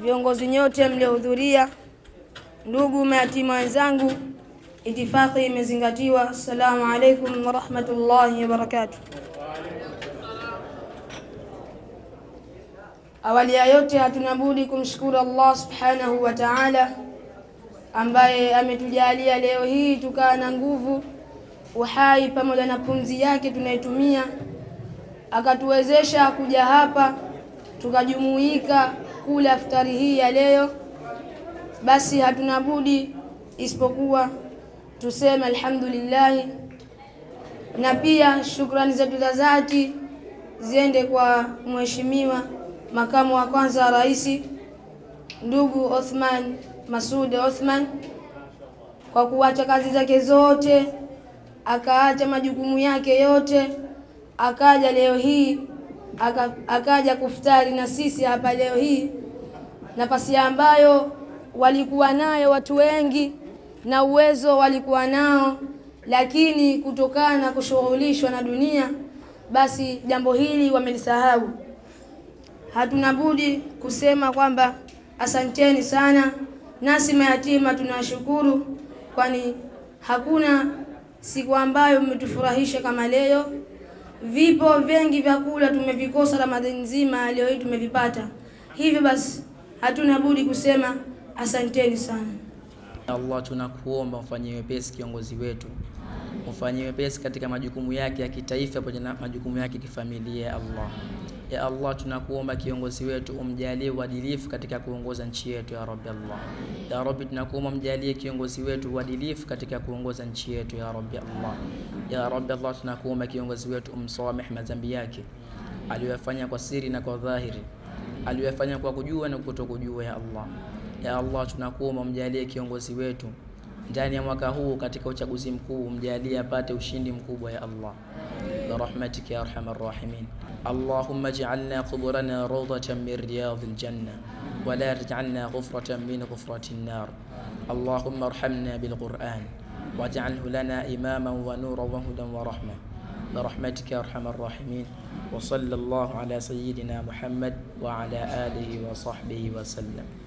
Viongozi nyote mliohudhuria, ndugu mayatima wenzangu, itifaki imezingatiwa. Assalamu alaikum warahmatullahi wabarakatuh. Awali ya yote, hatuna budi kumshukuru Allah subhanahu wa ta'ala ambaye ametujalia leo hii tukaa na nguvu uhai pamoja na pumzi yake tunaitumia, akatuwezesha kuja hapa tukajumuika kule aftari hii ya leo, basi hatuna budi isipokuwa tuseme alhamdulillahi, na pia shukrani zetu za dhati ziende kwa mheshimiwa makamu wa kwanza wa rais ndugu Othman Masud Othman kwa kuacha kazi zake zote, akaacha majukumu yake yote, akaja leo hii akaja kufutari na sisi hapa leo hii, nafasi ambayo walikuwa nayo watu wengi na uwezo walikuwa nao, lakini kutokana na kushughulishwa na dunia, basi jambo hili wamelisahau. Hatuna budi kusema kwamba asanteni sana, nasi mayatima tunashukuru, kwani hakuna siku ambayo mmetufurahisha kama leo. Vipo vingi vyakula tumevikosa Ramadhani nzima, leo hii tumevipata. Hivyo basi hatuna budi kusema asanteni sana. Allah, tunakuomba mfanyie wepesi kiongozi wetu, mfanyie wepesi katika majukumu yake ya kitaifa pamoja na majukumu yake kifamilia. Allah ya Allah, tunakuomba kiongozi wetu umjalie uadilifu katika kuongoza nchi yetu ya Rabbi Allah. Ya Rabbi, tunakuomba mjalie kiongozi wetu uadilifu katika kuongoza nchi yetu ya Rabbi Allah. Ya Rabbi Allah, tunakuomba kiongozi wetu umsamehe madhambi yake aliyoyafanya kwa siri na kwa dhahiri, aliyoyafanya kwa kujua na kutokujua. Ya Allah, ya Allah, tunakuomba umjalie kiongozi wetu ndani ya mwaka huu katika uchaguzi mkuu, umjalie apate ushindi mkubwa ya Allah. برحمتك يا أرحم الراحمين اللهم اجعلنا قبورنا روضة من رياض الجنة ولا تجعلنا غفرة من غفرة النار اللهم ارحمنا بالقرآن واجعله لنا إماما ونورا وهدى ورحمة برحمتك يا أرحم الراحمين وصلى الله على سيدنا محمد وعلى آله وصحبه وسلم